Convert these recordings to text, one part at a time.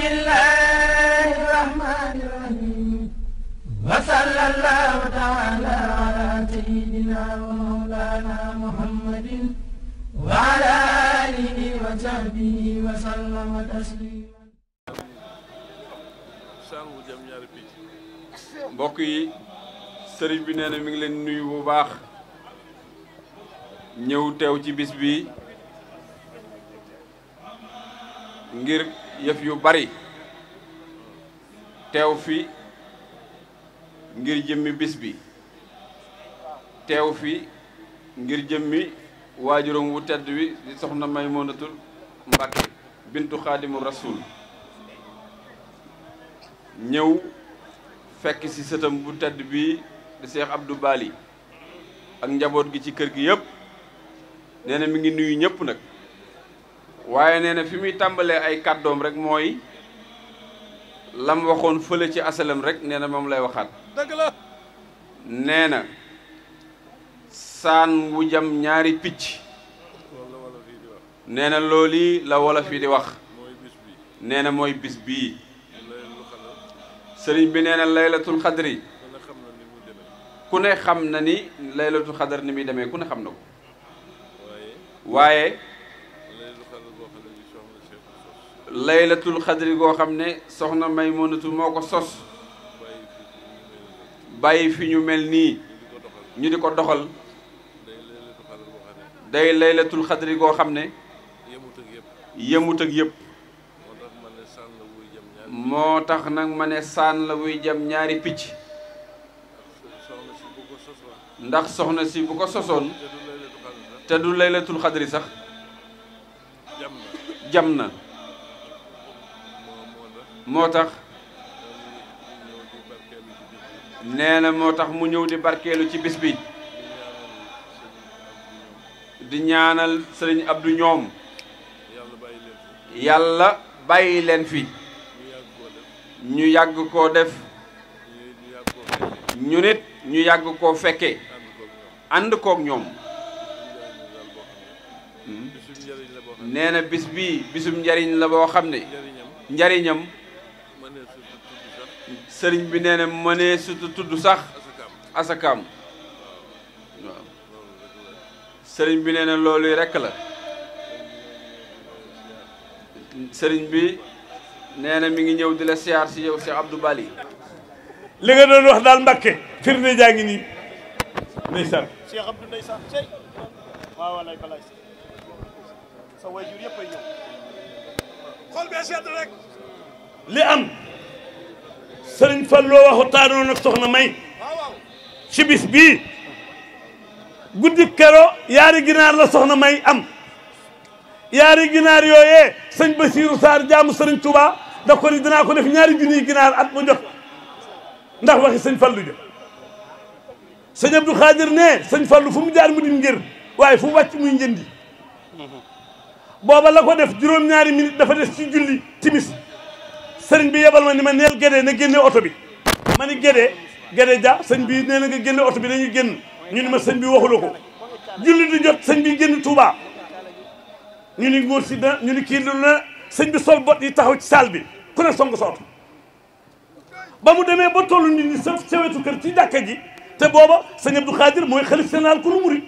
bismillaahi rahmaani rahiim wa sallallaahu taalaa alaa wa mawlaanaa muhammadin wa alaa aalihi wa sallama tasliiman mbokk yi sëriñ bi nee mi ngi leen nuyu bu baax ñëw teew ci bis bi ngir yëf yu bari teew fi ngir jëmmi bis bi teew fi ngir jëmmi waajuram wu tedd wi di soxna Maymunatul Mbàkke bintu xaadimu rasul ñëw fekk ci sëtam bu tedd bi di Cheikh Abdou Bali ak njaboot gi ci kër gi yëpp nee na mi ngi nuyu ñëpp nag waaye nee na fi muy tàmbalee ay kàddoom rek mooy lam waxoon fële ci asalam rek nee na moom lay waxaat dëgg nee na saan wu jam ñaari picc nee na loolu la wolof yi di wax nee na mooy bis bii sëriñ bi nee na laylatul xadri ku ne xam na ni laylatul xadar ni muy demee ku ne xam na ko waaye laylatul xadri goo xam ne soxna Maymunatu moo ko sos bàyyi fi ñu mel nii ñu di ko doxal day laylatul xadri goo xam ne yemut ak yëpp moo tax nag ma ne saan la muy jam ñaari picc ndax soxna si bu ko sosoon te du laylatul xadri sax jam na moo tax nee na moo tax mu ñëw di barkeelu ci bis bi di ñaanal sëriñ Abdou ñoom yàlla bàyyi leen fi ñu yàgg koo def ñu nit ñu yàgg koo fekke ànd koog ñoom hmm? nee na bis bi bisum njariñ la boo xam ne njariñam sëriñ bi nee na sutu tudd sax asakaam sëriñ bi nee na loolu rekk la sëriñ bi nee na mi ngi ñëw di la siyaar si yow Cheikh Abdou Bali li nga doon wax daal Mbàkke firnde jaa ngi nii li am sëriñ Falloo waxutaanoon ak soxna May ci bis bii guddi kero yaari ginaar la soxna May am yaari ginaar yooyee sëñ Basiiru Saar jaamu sëriñ Tuubaa da ko dinaa ko def ñaari junniy ginaar at mu jot ndax waxi sëñ Fallu jë sëñ Abdou Xaadir ne sëñ Fallu fu mu jaar mu di ngir waaye fu mu wàcc muy njëndi mhm. booba la def juróom-ñaari minute dafa des ci julli timis sëriñ bi yebal ma ni ma neel gédee na génne oto bi ma ni gédee gédee ja sëñ bi nee na nga génne oto bi dañuy génn ñu ma sëñ bi waxuloo ko julli di jot sëñ bi génn Touba ñu ni ngóor si da ñu ni kii lu na sëñ bi sol bot yi taxaw ci saal bi ku ne song sa oto ba mu demee ba tollu nit ñi sa sewetu kër ci jàkka ji te booba sëñ Abdou Khadir mooy xalif général ku nu murit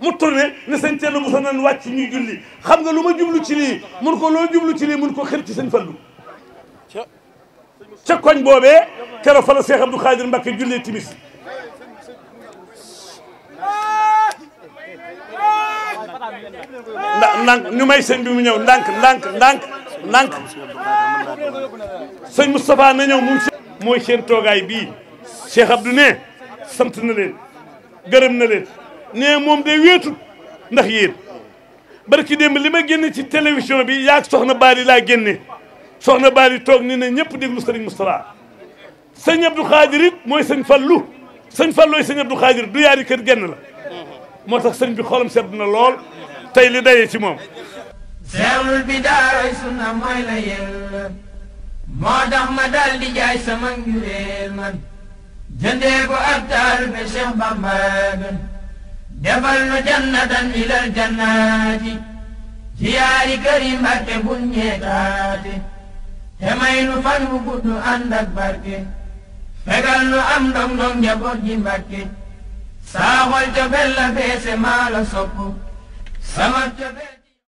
mu tourné ne sëñ Thierno Moussa nan wàcc ñuy julli xam nga lu ma jublu ci lii mun ko loo jublu ci lii mun ko xër ci sëñ Fallou ca koñ boobee kero fa la Cheikh Abdou Khadir Mbacké jullee timis ndànk ñu may sëñ bi mu ñëw ndànk ndànk ndànk ndànk sëñ Moustapha na ñëw mu mooy seen toogaay bii Cheikh Abdou ne sant na leen gërëm na leen moom day wéetul ndax yéen barki démb li ma génne ci télévision bi yaag soxna Bari laa génne soxna Bali toog ni ne ñëpp déglu sëriñ Moustapha sëñ Abdou Khadir it mooy sëñ Fallu sëñ Fallooy sëñ Abdou du yaari kër genn la moo tax sëñ bi xolam sedd na lool tey li dayee ci moom seexlul bi daaray sunna mooy la yel moo tax ma dal jaay sama njureel man jëndee ko ab taal be Cheikh Bamba ben defal nu jannatan ilal jannaati ci yaari kër yi Mbàkke buñ ñeetaate te may nu fan bu gudd ànd ak barke fegal nu am ndong ndong njaboot ji Mbàkke saa xol cofeel la feese maa la sopp sama cofeel